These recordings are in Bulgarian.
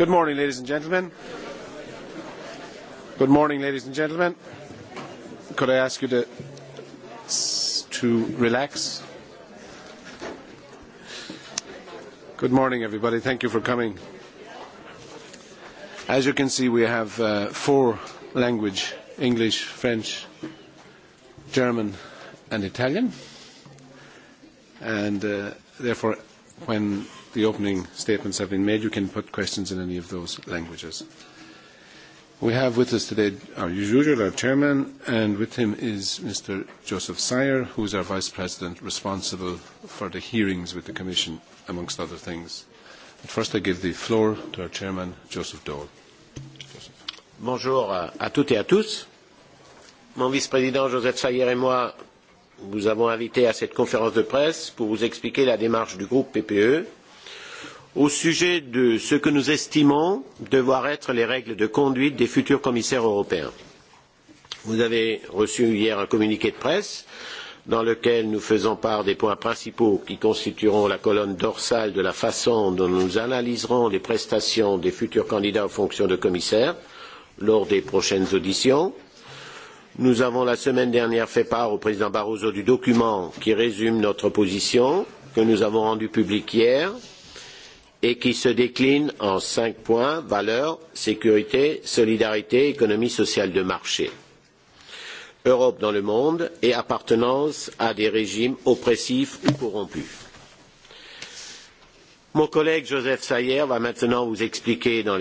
Good morning, ladies and gentlemen. Good morning, ladies and gentlemen. Could I ask you to to relax? Good morning, everybody. Thank you for coming. As you can see, we have uh, four language: English, French, German, and Italian. And uh, therefore, when the opening statements have been made, you can put questions in any of those languages. We have with us today, our usual, our chairman, and with him is Mr. Joseph Sayer, who is our vice president responsible for the hearings with the Commission, amongst other things. But first, I give the floor to our chairman, Joseph Dole. Bonjour à toutes et à tous. Mon vice-président Joseph Sayer et moi vous avons invité à cette conférence de presse pour vous expliquer la démarche du groupe PPE au sujet de ce que nous estimons devoir être les règles de conduite des futurs commissaires européens. Vous avez reçu hier un communiqué de presse dans lequel nous faisons part des points principaux qui constitueront la colonne dorsale de la façon dont nous analyserons les prestations des futurs candidats aux fonctions de commissaire lors des prochaines auditions. Nous avons la semaine dernière fait part au président Barroso du document qui résume notre position, que nous avons rendu public hier et qui se décline en cinq points valeurs, sécurité, solidarité, économie sociale de marché, Europe dans le monde et appartenance à des régimes oppressifs ou corrompus. Mon collègue Joseph Sayer va maintenant vous expliquer dans,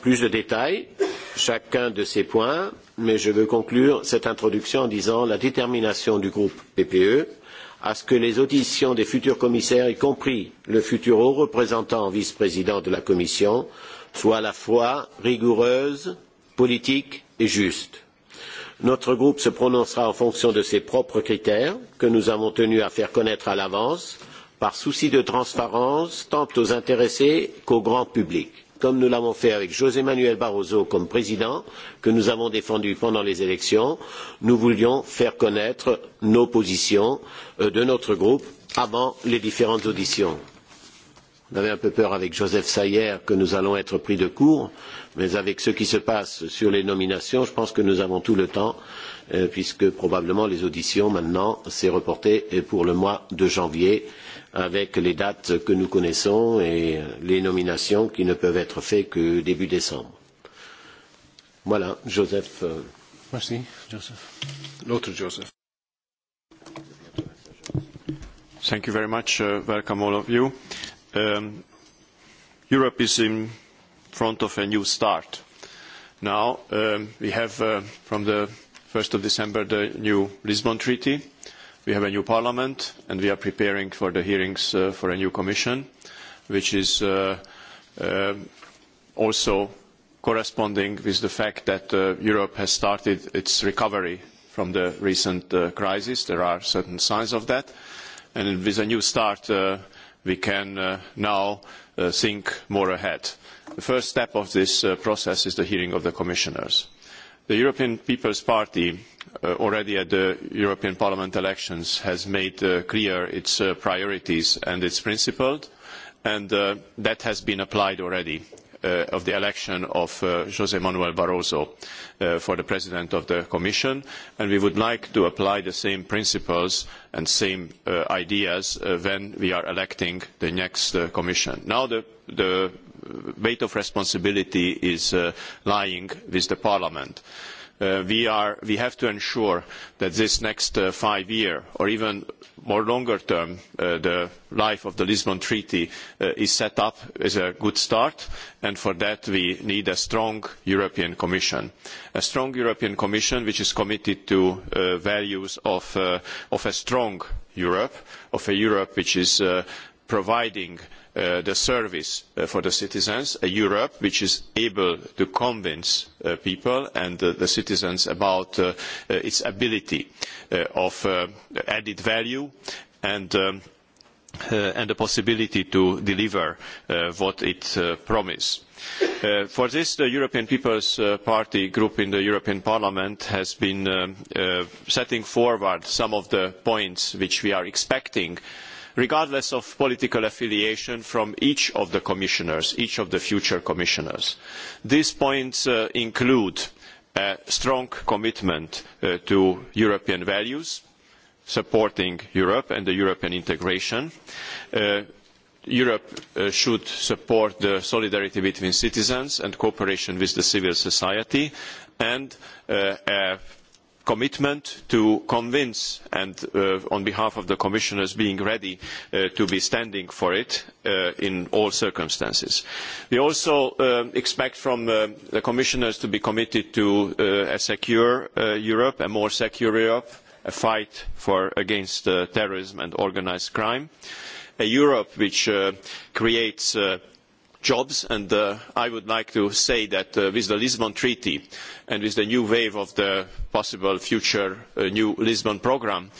plus de détails chacun de ces points, mais je veux conclure cette introduction en disant la détermination du groupe PPE à ce que les auditions des futurs commissaires, y compris le futur haut représentant vice président de la Commission, soient à la fois rigoureuses, politiques et justes. Notre groupe se prononcera en fonction de ses propres critères, que nous avons tenu à faire connaître à l'avance, par souci de transparence tant aux intéressés qu'au grand public comme nous l'avons fait avec José Manuel Barroso comme président, que nous avons défendu pendant les élections, nous voulions faire connaître nos positions de notre groupe avant les différentes auditions. On avait un peu peur avec Joseph Sayer que nous allons être pris de court, mais avec ce qui se passe sur les nominations, je pense que nous avons tout le temps, puisque probablement les auditions maintenant s'est reporté pour le mois de janvier avec les dates que nous connaissons et les nominations qui ne peuvent être faites que début décembre. Voilà, Joseph. Merci, Joseph. L'autre Joseph. Thank you very much. Uh, welcome all of you. Um, Europe is in front of a new start. Now um, we have uh, from the 1st of December the new Lisbon Treaty We have a new parliament, and we are preparing for the hearings for a new commission, which is also corresponding with the fact that Europe has started its recovery from the recent crisis. There are certain signs of that. and With a new start, we can now think more ahead. The first step of this process is the hearing of the commissioners the european people's party already at the european parliament elections has made clear its priorities and its principles and that has been applied already of the election of jos Manuel Barroso for the President of the Commission, and we would like to apply the same principles and same ideas when we are electing the next Commission. Now the weight of responsibility is lying with the Parliament. we, have to ensure that this next five year or even more longer term, the life of the Lisbon Treaty is set up as a good start, and for that we need a strong European Commission. A strong European Commission which is committed to the values of, a strong Europe, of a Europe which is providing the service for the citizens, a Europe which is able to convince people and the citizens about its ability of added value and and the possibility to deliver what it promised. For this, the European People's Party group in the European Parliament has been setting forward some of the points which we are expecting uh, regardless of political affiliation from each of the commissioners, each of the future commissioners. These points include a strong commitment to European values, supporting Europe and European integration. Europe should support the solidarity between citizens and cooperation with civil society and a commitment to convince and on behalf of the commissioners being ready to be standing for it in all circumstances. We also expect from the commissioners to be committed to a secure Europe, a more secure Europe, a fight against terrorism and organised crime, a Europe which creates jobs and I would like to say that with the Lisbon Treaty and with the new wave of the possible future new Lisbon programme,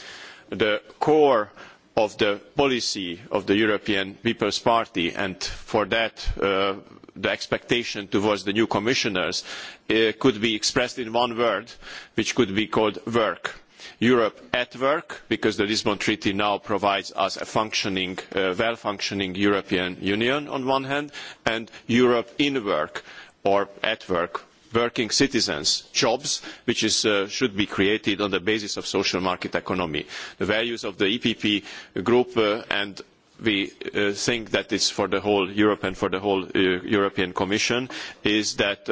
the core of the policy of the European People's Party and for that the expectation towards the new commissioners could be expressed in one word which could be called work Europe at work, because the Lisbon Treaty now provides us a functioning, well-functioning European Union on one hand, and Europe in work or at work, working citizens, jobs, which should be created on the basis of social market economy. The values of the EPP group and we think that is for the whole Europe and for the whole European Commission is that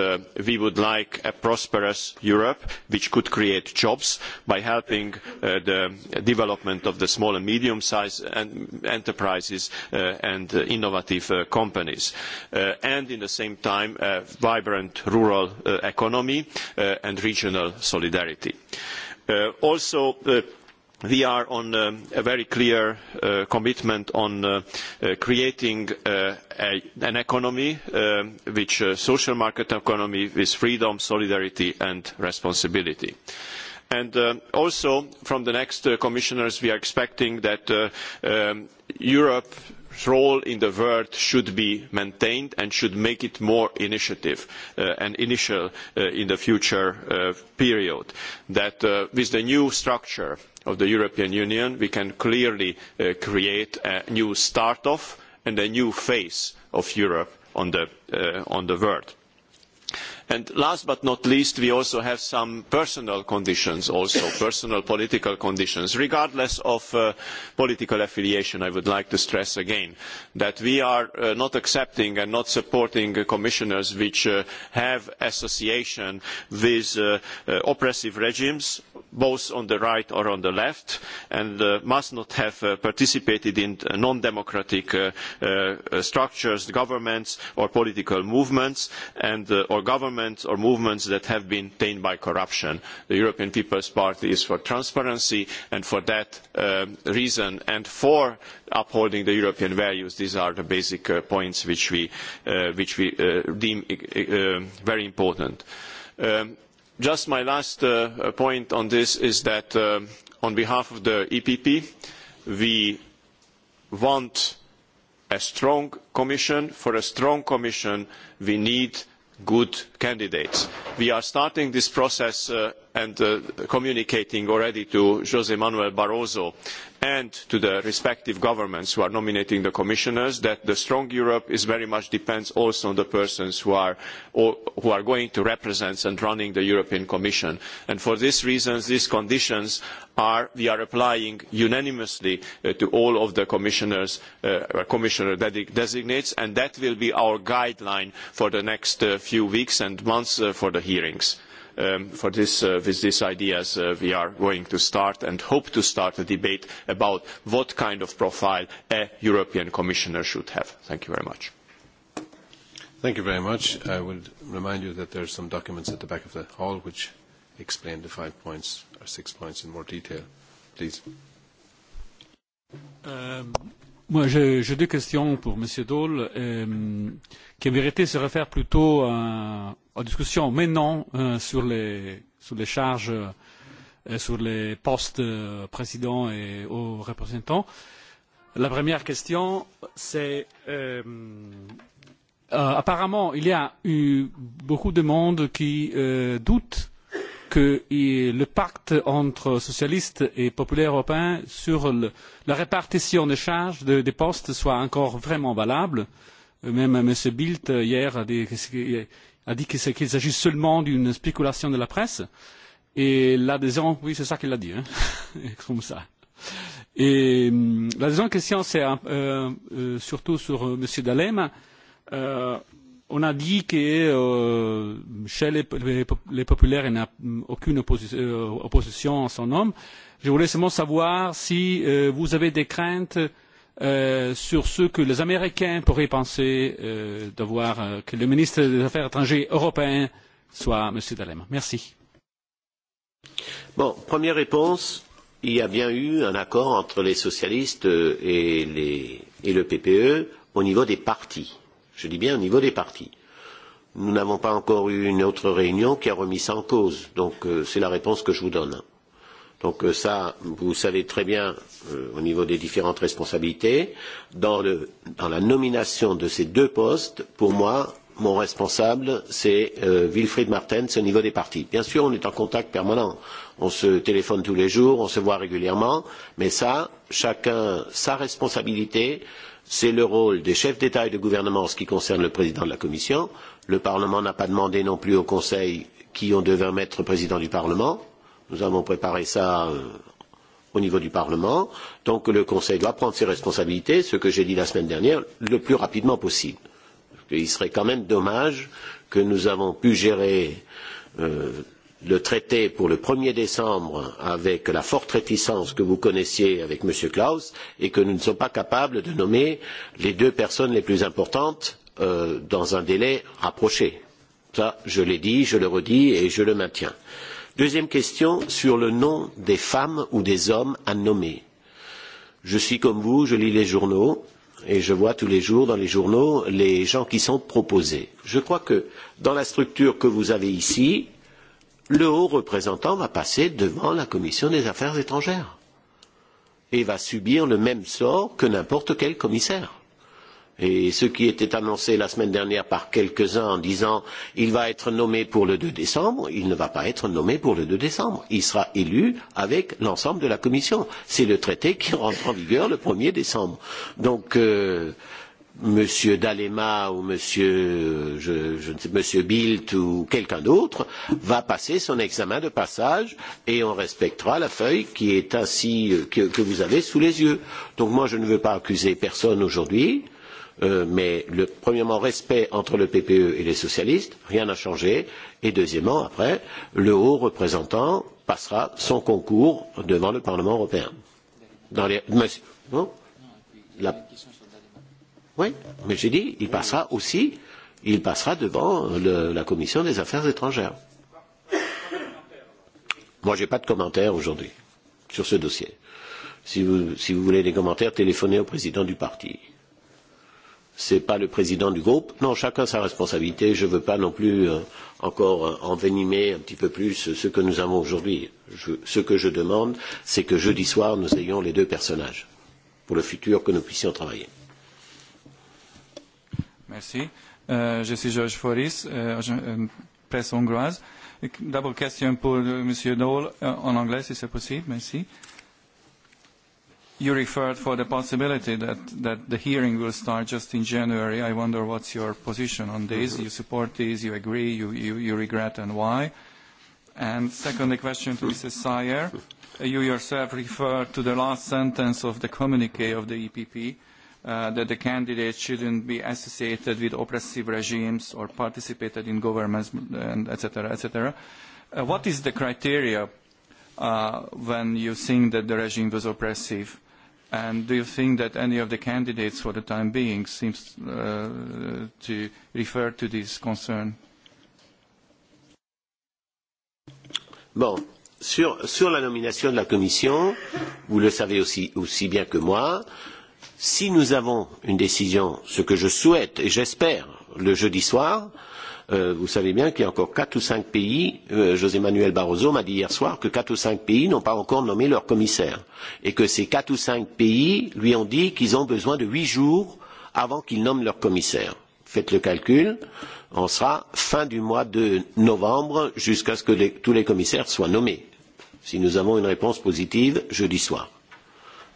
we would like a prosperous Europe which could create jobs by helping the development of the small and medium-sized enterprises and innovative companies. and at the same time, a vibrant rural economy and regional solidarity. also, we are on a very clear commitment on creating an economy which a social market economy with freedom, solidarity and responsibility. And also from the next commissioners we are expecting that Europe role in the world should be maintained and should make it more initiative and initial in the future period. That with the new structure of the European Union, we can clearly create a new start-off and a new face of Europe on the world And last but not least, we also have some personal conditions also, personal political conditions, regardless of political affiliation. I would like to stress again that we are not accepting and not supporting commissioners which have association with oppressive regimes, both on the right or on the left, and must not have participated in non-democratic structures, governments or political movements and or governments governments or movements that have been tainted by corruption. The European People's Party is for transparency, and for that reason and for upholding the European values, these are the basic points which we, deem very important. just my last point on this is that on behalf of the EPP, we want a strong commission. For a strong commission, we need good candidates. We are starting this process and communicating already to jos Manuel Barroso and to the respective governments who are nominating the commissioners that the strong Europe is very much depends also on the persons who are, going to represent and running the European Commission. And for these reasons, these conditions are, we are applying unanimously to all of the commissioners, uh, commissioner designates, and that will be our guideline for the next few weeks and months for the hearings for this, with these ideas, we are going to start and hope to start a debate about what kind of profile a European Commissioner should have. Thank you very much. Thank you very much. I would remind you that there are some documents at the back of the hall which explain the five points or six points in more detail. Please. Moi, j'ai deux questions pour M. Daul, qui en vérité se réfèrent plutôt à, à discussion maintenant sur, les, sur les charges, sur les postes président et aux représentants. La première question, c'est apparemment, il y a eu beaucoup de monde qui doutent que le pacte entre socialistes et populaires européens sur la répartition des charges des postes soit encore vraiment valable. Même M. Bildt hier a dit, qu'il s'agit seulement d'une spéculation de la presse. Et l'adhésion, oui, c'est ça qu'il a dit, hein, comme ça. Et la deuxième question, c'est surtout sur M. Dalema on a dit que chez les, les, populaires, il n'y a aucune opposition à son nom. Je voulais seulement savoir si vous avez des craintes sur ce que les Américains pourraient penser d'avoir que le ministre des Affaires étrangères européen soit M. Dalema. Merci. Bon, première réponse. Il y a bien eu un accord entre les socialistes et, les, et le PPE au niveau des partis Je dis bien au niveau des partis. Nous n'avons pas encore eu une autre réunion qui a remis ça en cause. Donc c'est la réponse que je vous donne. Donc ça, vous savez très bien au niveau des différentes responsabilités. Dans, la nomination de ces deux postes, pour moi, mon responsable, c'est Wilfried Martens au niveau des partis. Bien sûr, on est en contact permanent. On se téléphone tous les jours, on se voit régulièrement, mais ça, chacun sa responsabilité. C'est le rôle des chefs d'État et de gouvernement en ce qui concerne le président de la Commission. Le Parlement n'a pas demandé non plus au Conseil qui on devait mettre président du Parlement. Nous avons préparé cela au niveau du Parlement. Donc le Conseil doit prendre ses responsabilités, ce que j'ai dit la semaine dernière, le plus rapidement possible. Il serait quand même dommage que nous avons pu gérer le traité pour le 1er décembre avec la forte réticence que vous connaissiez avec M. Klaus et que nous ne sommes pas capables de nommer les deux personnes les plus importantes dans un délai rapproché. Ça, je l'ai dit, je le redis et je le maintiens. Deuxième question sur le nom des femmes ou des hommes à nommer. Je suis comme vous, je lis les journaux, et je vois tous les jours dans les journaux les gens qui sont proposés. Je crois que dans la structure que vous avez ici, le haut représentant va passer devant la commission des affaires étrangères et va subir le même sort que n'importe quel commissaire. Et ce qui était annoncé la semaine dernière par quelques-uns en disant il va être nommé pour le deux décembre, il ne va pas être nommé pour le deux décembre. Il sera élu avec l'ensemble de la commission. C'est le traité qui rentre en vigueur le 1er décembre. Donc, euh, Monsieur Dalema ou Monsieur, je, je ne sais, Monsieur Bilt ou quelqu'un d'autre va passer son examen de passage et on respectera la feuille qui est ainsi que, que vous avez sous les yeux. Donc moi je ne veux pas accuser personne aujourd'hui. Euh, mais premièrement, respect entre le PPE et les socialistes, rien n'a changé, et deuxièmement, après, le haut représentant passera son concours devant le Parlement européen. Dans les... Monsieur... Bon La... Oui, mais j'ai dit, il passera aussi, il passera devant le, la commission des affaires étrangères. Moi, je n'ai pas de commentaires aujourd'hui sur ce dossier. Si vous, si vous voulez des commentaires, téléphonez au président du parti ce n'est pas le président du groupe. Non, chacun sa responsabilité. Je ne veux pas non plus encore envenimer un petit peu plus ce que nous avons aujourd'hui. ce que je demande, c'est que jeudi soir, nous ayons les deux personnages pour le futur que nous puissions travailler. Merci. Euh, je suis Georges Foris, euh, presse hongroise. D'abord, question pour M. Dole en anglais, si c'est possible. Merci. Euh, you referred for the possibility that, that the hearing will start just in January. I wonder what's your position on this. You support this, you agree, you, you, you regret, and why? And secondly, question to Mrs. Sayer. You yourself referred to the last sentence of the communique of the EPP uh, that the candidates shouldn't be associated with oppressive regimes or participated in governments, and etc., etc. Uh, what is the criteria uh, when you think that the regime was oppressive? And do you think that any of the candidates for the time being seems to refer to this concern? Bon. Sur, la nomination de la Commission, vous le savez aussi, bien que moi, si nous avons une décision, ce que je souhaite et j'espère le jeudi soir, euh, vous savez bien qu'il y a encore quatre ou cinq pays, José Manuel Barroso m'a dit hier soir que quatre ou cinq pays n'ont pas encore nommé leur commissaire et que ces quatre ou cinq pays lui ont dit qu'ils ont besoin de huit jours avant qu'ils nomment leur commissaire. Faites le calcul, on sera fin du mois de novembre jusqu'à ce que tous les commissaires soient nommés, si nous avons une réponse positive jeudi soir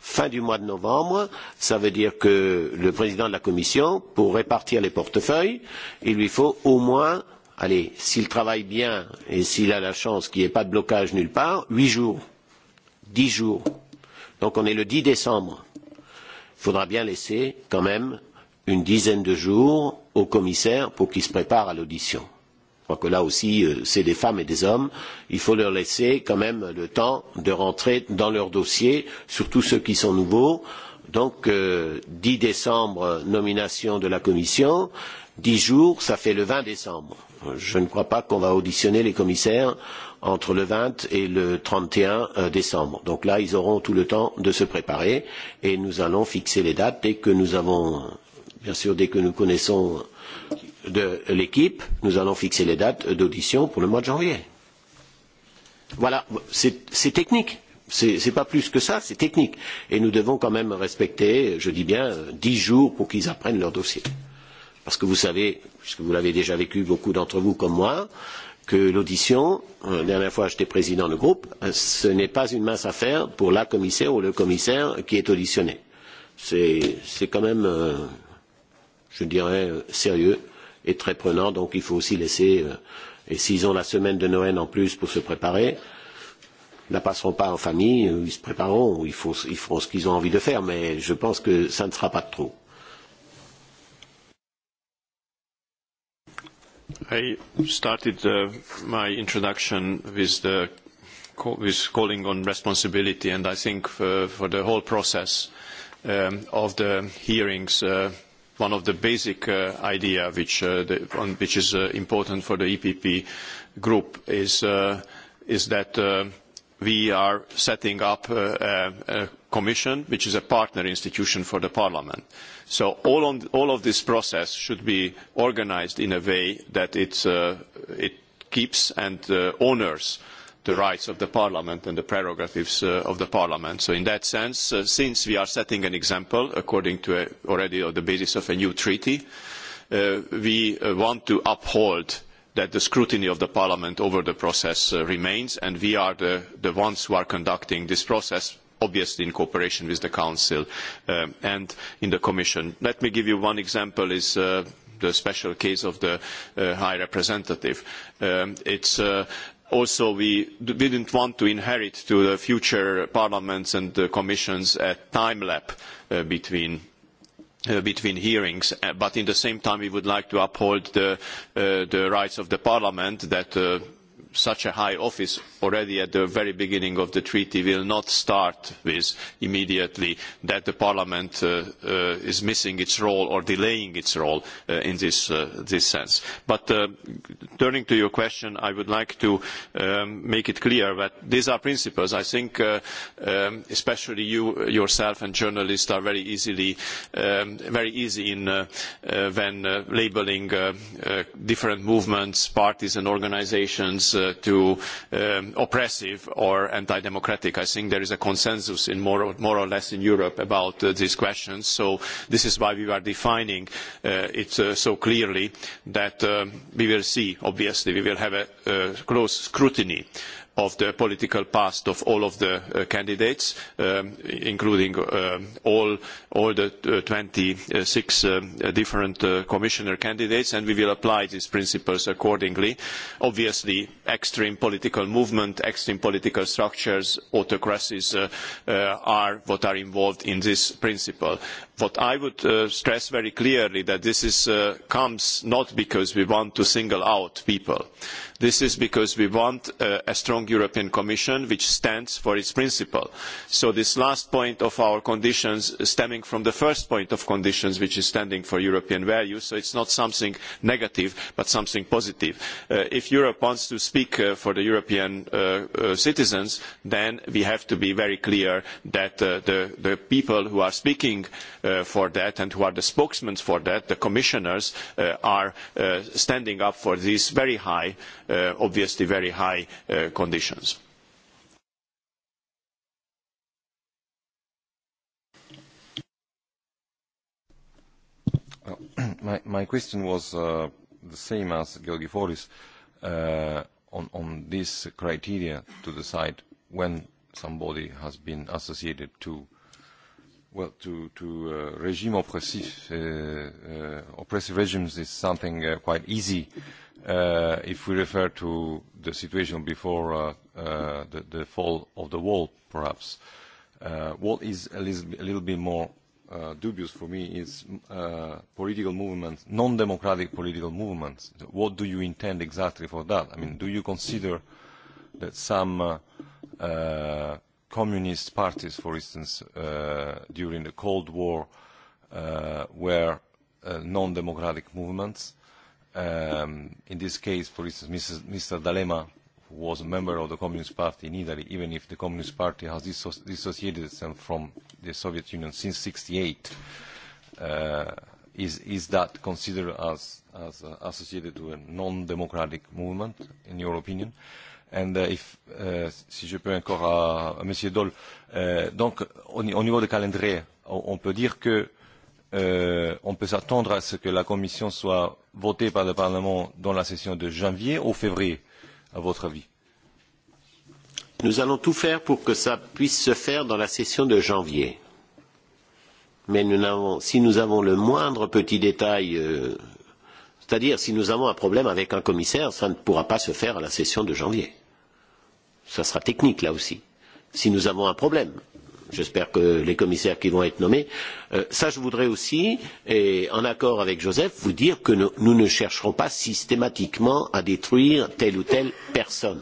fin du mois de novembre. Cela veut dire que le président de la Commission, pour répartir les portefeuilles, il lui faut au moins, allez, s'il travaille bien et s'il a la chance qu'il n'y ait pas de blocage nulle part, huit jours, dix jours. Donc on est le dix décembre. Il faudra bien laisser quand même une dizaine de jours au commissaire pour qu'il se prépare à l'audition crois que là aussi, c'est des femmes et des hommes. Il faut leur laisser quand même le temps de rentrer dans leur dossier, surtout ceux qui sont nouveaux. Donc, dix décembre, nomination de la commission. dix jours, ça fait le vingt décembre. Je ne crois pas qu'on va auditionner les commissaires entre le vingt et le trente et un décembre. Donc là, ils auront tout le temps de se préparer et nous allons fixer les dates dès que nous avons, bien sûr, dès que nous connaissons euh, de l'équipe, nous allons fixer les dates d'audition pour le mois de janvier. Voilà, c'est technique. Ce n'est pas plus que ça, c'est technique. Et nous devons quand même respecter, je dis bien, dix jours pour qu'ils apprennent leur dossier. Parce que vous savez, puisque vous l'avez déjà vécu, beaucoup d'entre vous comme moi, que l'audition, la dernière fois j'étais président de groupe, ce n'est pas une mince affaire pour la commissaire ou le commissaire qui est auditionné. C'est quand même, je dirais, sérieux est très prenant, donc il faut aussi laisser, et s'ils ont la semaine de Noël en plus pour se préparer, ne la passeront pas en famille, ils se prépareront, ils, faut, ils feront ce qu'ils ont envie de faire, mais je pense que ça ne sera pas de trop. I started uh, my introduction with, the, with calling on responsibility, and I think for, for the whole process um, of the hearings, uh, one of the basic ideas which, is important for the EPP group is, that we are setting up a, commission which is a partner institution for parliament. So all, of this process should be organised in a way that it keeps and honours the rights of the Parliament and the prerogatives of the Parliament. So in that sense, since we are setting an example according to already on the basis of a new treaty, we want to uphold that the scrutiny of the Parliament over the process remains, and we are the, ones who are conducting this process, obviously in cooperation with the Council and in the Commission. Let me give you one example is the special case of the High Representative. It is also we did not want to inherit to the future parliaments and the commissions a time lap between between hearings, but at the same time we would like to uphold the, rights of the parliament that such a high office already at the very beginning of the treaty will not start with immediately that the parliament is missing its role or delaying its role in this, sense. But turning to your question, I would like to make it clear that these are principles. I think especially you yourself and journalists are very easily very easy in when labelling different movements, parties and organisations too oppressive or anti-democratic. I think there is a consensus in more or, less in Europe about these questions. So this is why we are defining it so clearly that we will see, obviously, we will have a close scrutiny of the political past of all of the candidates, including all, the twenty six different commissioner candidates, and we will apply these principles accordingly. Obviously, extreme political movement, extreme political structures, autocracies are what are involved in this principle. What I would stress very clearly is that this comes not because we want to single out people This is because we want a strong European Commission which stands for its principle. So this last point of our conditions stemming from the first point of conditions which is standing for European values, so it is not something negative but something positive. if Europe wants to speak for the European citizens, then we have to be very clear that the, people who are speaking for that and who are the spokesmen for that, the commissioners, are standing up for these very high obviously very high conditions. My question was the same as Georgiforis on this criteria to decide when somebody has been associated to well to to regime oppressive uh, oppressive regimes is something uh, quite easy if we refer to the situation before uh uh the the fall of the wall, perhaps, Uh what is a little a little bit more uh dubious for me is uh political movements, non-democratic political movements. What do you intend exactly for that? I mean, do you consider that some uh communist parties, for instance, uh during the Cold War, uh were uh non-democratic movements? um, in this case, for instance, Mrs. Mr. D'Alema, who was a member of the Communist Party in Italy, even if the Communist Party has disso dissociated itself from the Soviet Union since 68, uh, is, is that considered as, as uh, associated to a non-democratic movement, in your opinion? And uh, if, uh, si je peux encore uh Monsieur Dole, uh donc au, au niveau calendrier, on, on peut dire que on peut s'attendre à ce que la Commission soit votée par le Parlement dans la session de janvier ou février, à votre avis Nous allons tout faire pour que cela puisse se faire dans la session de janvier. Mais si nous avons le moindre petit détail, c'est-à-dire si nous avons un problème avec un commissaire, cela ne pourra pas se faire à la session de janvier. Ce sera technique là aussi. Si nous avons un problème, J'espère que les commissaires qui vont être nommés. Ça, je voudrais aussi, et en accord avec Joseph, vous dire que nous ne chercherons pas systématiquement à détruire telle ou telle personne.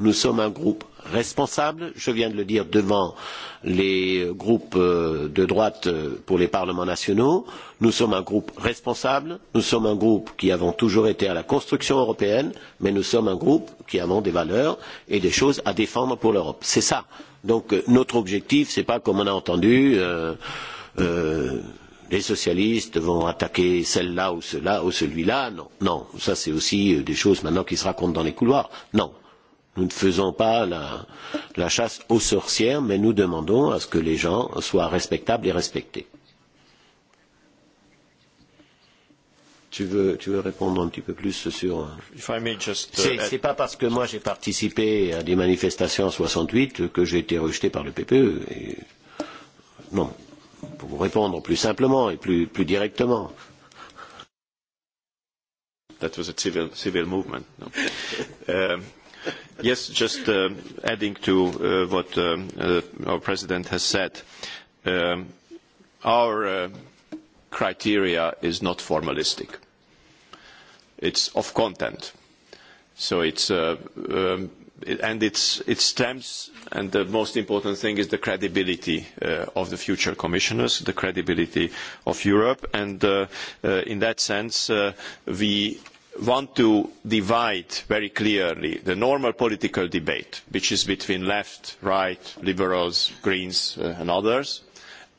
Nous sommes un groupe responsable, je viens de le dire devant les groupes de droite pour les parlements nationaux. Nous sommes un groupe responsable, nous sommes un groupe qui avons toujours été à la construction européenne, mais nous sommes un groupe qui avons des valeurs et des choses à défendre pour l'Europe. C'est ça Donc notre objectif, ce n'est pas comme on a entendu, les socialistes vont attaquer celle-là ou cela ou celui-là. Non, non, ça c'est aussi des choses maintenant qui se racontent dans les couloirs. Non, nous ne faisons pas la, chasse aux sorcières, mais nous demandons à ce que les gens soient respectables et respectés. Tu veux, tu veux répondre un petit peu plus sur. C'est pas parce que moi j'ai participé à des manifestations en 68 que j'ai été rejeté par le PPE. Et... Non. Pour vous répondre plus simplement et plus, plus directement. That was a civil, civil movement. No? uh, yes, just uh, adding to uh, what uh, uh, our president has said. Uh, our uh, criteria is not formalistic. It's of content. So it's, uh, um, it, and it's, it stems, and the most important thing is the credibility uh, of the future commissioners, the credibility of Europe. And uh, uh, in that sense, uh, we want to divide very clearly the normal political debate, which is between left, right, liberals, greens, and others,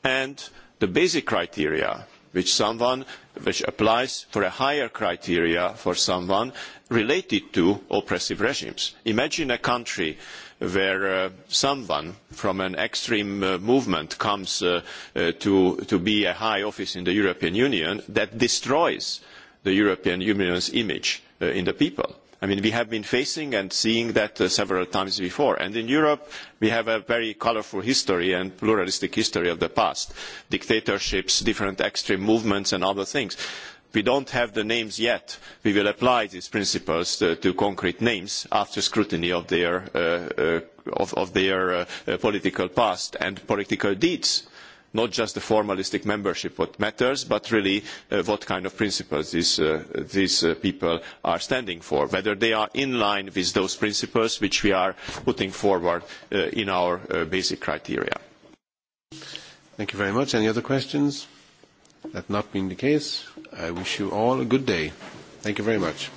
and the basic criteria which someone which applies for a higher criteria for someone related to oppressive regimes. Imagine a country where someone from an extreme movement comes to, be a high office in the European Union that destroys the European Union's image in the people I mean, we have been facing and seeing that several times before. And in Europe, we have a very colourful history and pluralistic history of the past. Dictatorships, different extreme movements and other things. We do not have the names yet. We will apply these principles to, concrete names after scrutiny of their, political past and political deeds not just the formalistic membership what matters, but really what kind of principles these, people are standing for, whether they are in line with those principles which we are putting forward in our basic criteria. Thank you very much. Any other questions? That not being the case, I wish you all a good day. Thank you very much.